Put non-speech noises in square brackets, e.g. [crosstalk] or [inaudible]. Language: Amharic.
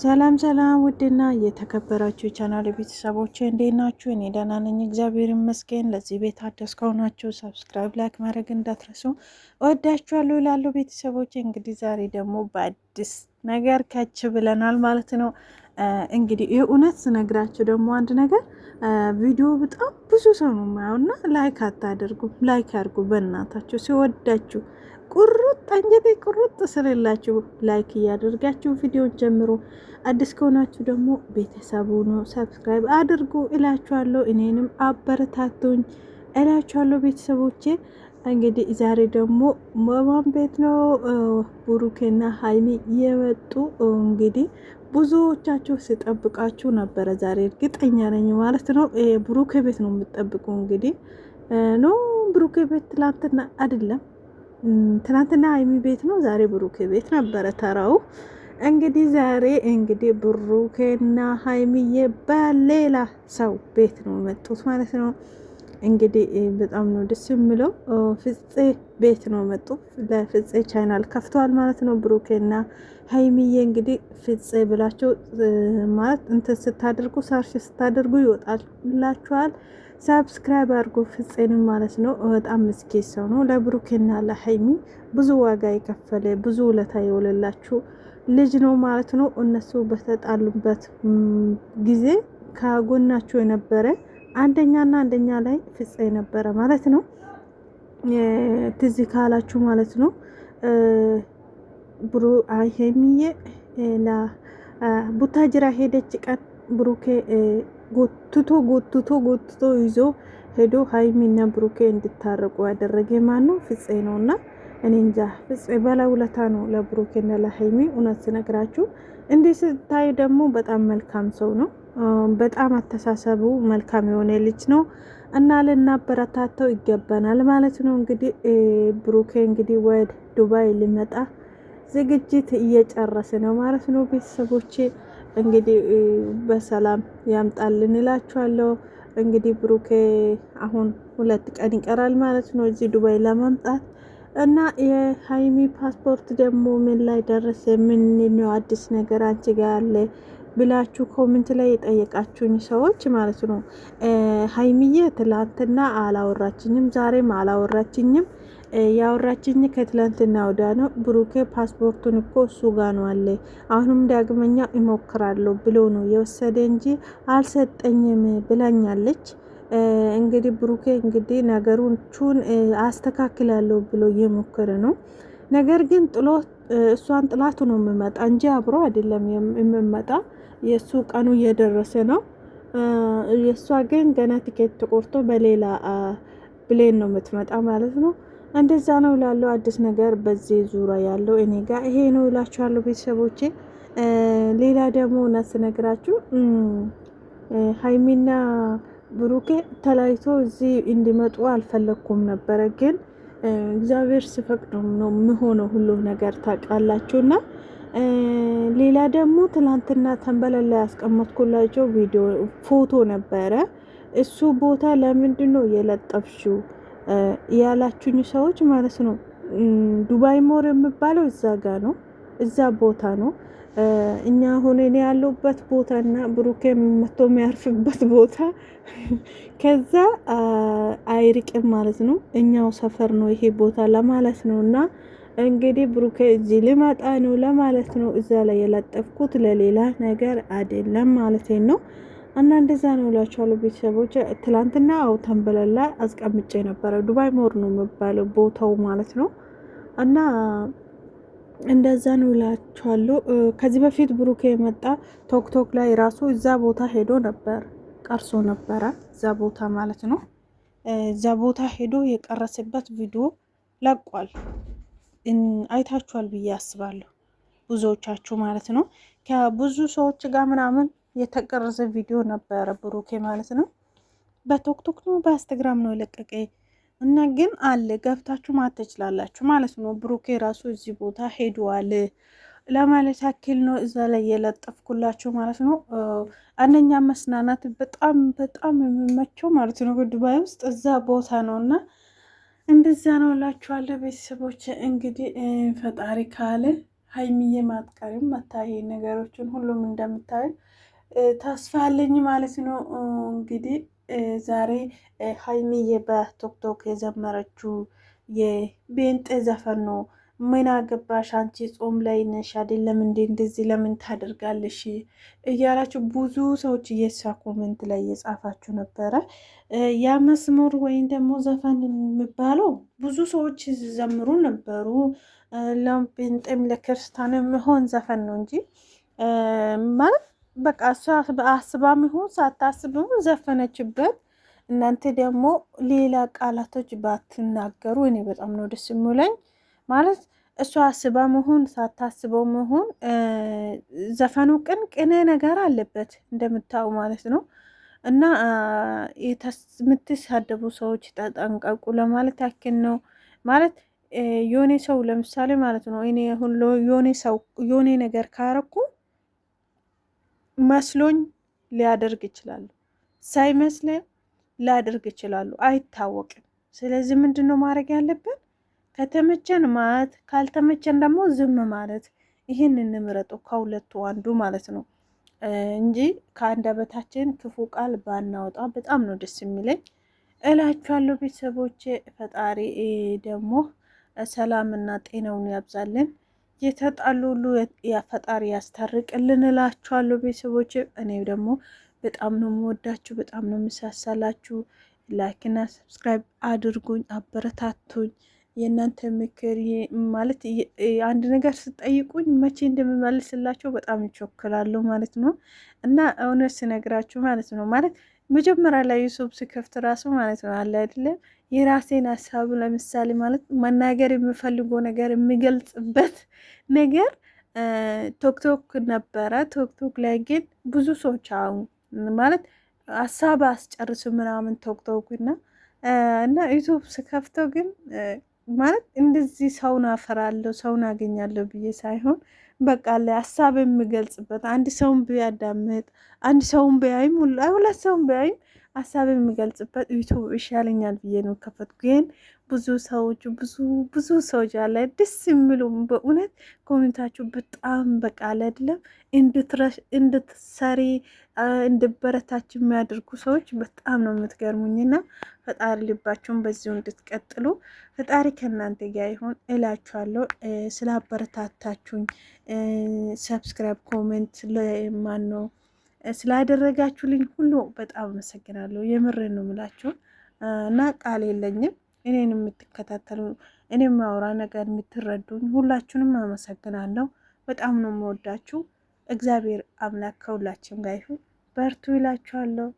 ሰላም ሰላም ውድና እየተከበራችሁ የቻናል ቤተሰቦች እንዴት ናችሁ? እኔ ደህና ነኝ፣ እግዚአብሔር ይመስገን። ለዚህ ቤት አዲስ ከሆናችሁ ሰብስክራይብ፣ ላይክ ማድረግ እንዳትረሱ። እወዳችኋለሁ ላሉ ቤተሰቦች። እንግዲህ ዛሬ ደግሞ በአዲስ ነገር ከች ብለናል ማለት ነው። እንግዲህ የእውነት እውነት ስነግራችሁ ደግሞ አንድ ነገር ቪዲዮ በጣም ብዙ ሰው ነው የማየው እና ላይክ አታደርጉ። ላይክ አድርጉ በእናታችሁ ሲወዳችሁ ቁርጥ አንጀቴ ቁርጥ ስልላችሁ ላይክ እያደርጋችሁ ቪዲዮ ጀምሮ አዲስ ከሆናችሁ ደግሞ ቤተሰቡ ሰብስክራይብ አድርጉ እላችኋለሁ። እኔንም አበረታቱኝ እላችኋለሁ ቤተሰቦቼ። እንግዲህ ዛሬ ደግሞ መማን ቤት ነው ቡሩኬና ሀይሚ የመጡ እንግዲህ ብዙዎቻችሁ ስጠብቃችሁ ነበረ። ዛሬ እርግጠኛ ነኝ ማለት ነው ቡሩኬ ቤት ነው የምጠብቁ እንግዲህ ኖ ብሩኬ ቤት ትላንትና አይደለም ትናንትና ሀይሚ ቤት ነው፣ ዛሬ ብሩኬ ቤት ነበረ ተራው። እንግዲህ ዛሬ እንግዲህ ብሩኬና ሀይሚዬ በሌላ ሰው ቤት ነው መጡት ማለት ነው። እንግዲህ በጣም ነው ደስ የሚለው። ፍፄ ቤት ነው መጡ። ለፍፄ ቻናል ከፍተዋል ማለት ነው። ብሩኬና ሀይሚዬ እንግዲህ ፍፄ ብላችሁ ማለት እንትን ስታደርጉ ሰርች ስታደርጉ ይወጣላችኋል። ሰብስክራይብ አድርጎ ፍፄንም ማለት ነው። በጣም ምስኪን ሰው ነው። ለብሩኬና ለሀይሚ ብዙ ዋጋ የከፈለ ብዙ ውለታ የወለላችሁ ልጅ ነው ማለት ነው። እነሱ በተጣሉበት ጊዜ ከጎናችሁ የነበረ አንደኛና አንደኛ ላይ ፍፄ ነበረ ማለት ነው። ትዝ ካላችሁ ማለት ነው ብሩ ሀይሚዬ ቡታጅራ ሄደች ቀን ብሩኬ ጎትቶ ጎትቶ ጎትቶ ይዞ ሄዶ ሀይሚና ብሩኬ እንድታረቁ ያደረገ ማን ነው? ፍፄ ነው። እና እኔ እንጃ ፍፄ ውለታ ነው ና ለሀይሚ እውነት ስነግራችሁ። እንዲህ ስታይ ደግሞ በጣም መልካም ሰው ነው። በጣም አተሳሰቡ መልካም የሆነ ልጅ ነው እና ልናበረታተው ይገባናል ማለት ነው። እንግዲህ ብሩኬ እንግዲህ ወደ ዱባይ ሊመጣ ዝግጅት እየጨረሰ ነው ማለት ነው ቤተሰቦቼ እንግዲህ በሰላም ያምጣልን እላችኋለሁ። እንግዲህ ብሩኬ አሁን ሁለት ቀን ይቀራል ማለት ነው እዚህ ዱባይ ለመምጣት እና የሀይሚ ፓስፖርት ደግሞ ምን ላይ ደረሰ? ምን ነው አዲስ ነገር አንቺ ጋ ያለ ብላችሁ ኮሜንት ላይ የጠየቃችሁኝ ሰዎች ማለት ነው። ሀይሚዬ ትላንትና አላወራችኝም፣ ዛሬም አላወራችኝም ያወራችኝ ከትላንትና ወዳ ነው። ብሩኬ ፓስፖርቱን እኮ እሱ ጋ ነው አለ። አሁንም ዳግመኛ ይሞክራለሁ ብሎ ነው የወሰደ እንጂ አልሰጠኝም ብላኛለች። እንግዲህ ብሩኬ እንግዲህ ነገሮቹን አስተካክላለሁ ብሎ እየሞከረ ነው። ነገር ግን ጥሎ እሷን ጥላቱ ነው የምመጣ እንጂ አብሮ አይደለም የምመጣ። የእሱ ቀኑ እየደረሰ ነው። የእሷ ግን ገና ቲኬት ተቆርጦ በሌላ ብሌን ነው የምትመጣ ማለት ነው። እንደዛ ነው ላለው አዲስ ነገር በዚህ ዙሪያ ያለው እኔ ጋር ይሄ ነው እላችኋለሁ ቤተሰቦቼ። ሌላ ደግሞ እውነት ስነግራችሁ ሀይሚና ብሩኬ ተለያይቶ እዚህ እንዲመጡ አልፈለግኩም ነበረ፣ ግን እግዚአብሔር ሲፈቅድ ነው የምሆነው ሁሉ ነገር ታውቃላችሁና። ሌላ ደግሞ ትላንትና ተንበለል ላይ ያስቀመጥኩላቸው ቪዲዮ ፎቶ ነበረ። እሱ ቦታ ለምንድን ነው የለጠፍሽው? ያላችሁኝ ሰዎች ማለት ነው። ዱባይ ሞር የሚባለው እዛ ጋ ነው፣ እዛ ቦታ ነው። እኛ አሁን እኔ ያለሁበት ቦታ እና ብሩኬ መቶ የሚያርፍበት ቦታ [laughs] ከዛ አይርቅም ማለት ነው። እኛው ሰፈር ነው ይሄ ቦታ ለማለት ነው። እና እንግዲህ ብሩኬ እዚ ልመጣ ነው ለማለት ነው። እዛ ላይ የለጠፍኩት ለሌላ ነገር አይደለም ማለት ነው። እና እንደዛ ነው እላችኋለሁ ቤተሰቦች። ትላንትና አው ተንበለላ አስቀምጬ ነበረ። ዱባይ ሞር ነው የሚባለው ቦታው ማለት ነው። እና እንደዛ ነው እላችኋለሁ። ከዚህ በፊት ብሩክ የመጣ ቶክቶክ ላይ ራሱ እዛ ቦታ ሄዶ ነበር ቀርሶ ነበረ። እዛ ቦታ ማለት ነው። እዛ ቦታ ሄዶ የቀረሰበት ቪዲዮ ለቋል። አይታችኋል ብዬ አስባለሁ ብዙዎቻችሁ ማለት ነው። ከብዙ ሰዎች ጋር ምናምን የተቀረጸ ቪዲዮ ነበረ ብሩኬ ማለት ነው። በቶክቶክ ነው በኢንስታግራም ነው የለቀቀ እና ግን አለ ገብታችሁ ማየት ትችላላችሁ ማለት ነው። ብሩኬ ራሱ እዚህ ቦታ ሄደዋል ለማለት ያክል ነው እዛ ላይ የለጠፍኩላችሁ ማለት ነው። አንደኛ መስናናት በጣም በጣም የሚመቸው ማለት ነው ዱባይ ውስጥ እዛ ቦታ ነው እና እንደዛ ነው እላችኋለሁ ቤተሰቦች። እንግዲህ ፈጣሪ ካለ ሀይሚዬ ማትቀሪም መታሄ ነገሮችን ሁሉም እንደምታዩ ተስፋ አለኝ ማለት ነው። እንግዲህ ዛሬ ሀይሚዬ በቶክቶክ የዘመረችው የቤንጤ ዘፈን ነው። ምን አገባሽ አንቺ ጾም ላይ ነሽ አይደለም እንዴ? እንደዚህ ለምን ታደርጋለሽ? እያላችሁ ብዙ ሰዎች እየሳ ኮሜንት ላይ እየጻፋችሁ ነበረ። ያ መስመር ወይም ደግሞ ዘፈን የሚባለው ብዙ ሰዎች ዘምሩ ነበሩ። ለጴንጤም ለክርስቲያንም ሆን ዘፈን ነው እንጂ ማለት በቃ እሷ አስባም ይሁን ሳታስብም ዘፈነችበት። እናንተ ደግሞ ሌላ ቃላቶች ባትናገሩ እኔ በጣም ነው ደስ የሚለኝ። ማለት እሷ አስባ መሆን ሳታስበው መሆን ዘፈኑ ቅን ቅኔ ነገር አለበት እንደምታው ማለት ነው። እና የምትሳደቡ ሰዎች ተጠንቀቁ ለማለት ያክል ነው። ማለት የሆኔ ሰው ለምሳሌ ማለት ነው የሆኔ ነገር ካረኩ መስሎኝ ሊያደርግ ይችላሉ፣ ሳይመስለኝ ሊያደርግ ይችላሉ፣ አይታወቅም። ስለዚህ ምንድን ነው ማድረግ ያለብን? ከተመቸን ማለት ካልተመቸን ደግሞ ዝም ማለት። ይህን እንምረጡ ከሁለቱ አንዱ ማለት ነው እንጂ ከአንደበታችን ክፉ ቃል ባናወጣ በጣም ነው ደስ የሚለኝ እላችኋለሁ ቤተሰቦቼ። ፈጣሪ ደግሞ ሰላምና ጤናውን ያብዛልን። የተጣሉ ሁሉ ፈጣሪ ያስታርቅልን እላችኋለሁ ቤተሰቦች። እኔ ደግሞ በጣም ነው የምወዳችሁ፣ በጣም ነው የምሳሳላችሁ። ላይክና ሰብስክራይብ አድርጉኝ፣ አበረታቱኝ። የእናንተ ምክር ማለት አንድ ነገር ስጠይቁኝ መቼ እንደምመልስላቸው በጣም ይቸኩላሉ ማለት ነው። እና እውነት ስነግራችሁ ማለት ነው ማለት መጀመሪያ ላይ ዩቱብ ስከፍት ራሱ ማለት ነው አለ አይደለም የራሴን ሀሳብ ለምሳሌ ማለት መናገር የምፈልገው ነገር የሚገልጽበት ነገር ቶክቶክ ነበረ። ቶክቶክ ላይ ግን ብዙ ሰዎች አሁ ማለት ሀሳብ አስጨርሱ ምናምን ቶክቶክ እና እና ዩቱብ ስከፍተው ግን ማለት እንደዚህ ሰውን አፈራለሁ ሰውን አገኛለሁ ብዬ ሳይሆን በቃ ሀሳብ የሚገልጽበት አንድ ሰውን ቢያዳምጥ አንድ ሰውን ቢያይም ሁለት ሰውን ቢያይም ሀሳብ የሚገልጽበት ዩቱብ ይሻለኛል ብዬ ነው ከፈትኩ። ይህን ብዙ ሰዎች ብዙ ብዙ ሰዎች አለ ደስ የሚሉ በእውነት ኮሚኒታችሁ በጣም በቃ አይደለም እንድትሰሪ እንድበረታች የሚያደርጉ ሰዎች በጣም ነው የምትገርሙኝና ፈጣሪ ልባችሁን በዚሁ እንድትቀጥሉ ፈጣሪ ከእናንተ ጋ ይሁን እላችኋለሁ። ስላበረታታችሁኝ ሰብስክራይብ፣ ኮሜንት ለማን ነው ስላደረጋችሁልኝ ሁሉ በጣም አመሰግናለሁ። የምሬ ነው ምላችሁ እና ቃል የለኝም። እኔን የምትከታተሉ እኔ የማውራ ነገር የምትረዱኝ ሁላችሁንም አመሰግናለሁ። በጣም ነው የምወዳችሁ። እግዚአብሔር አምላክ ከሁላችን ጋር ይሁን። በርቱ ይላችኋለሁ።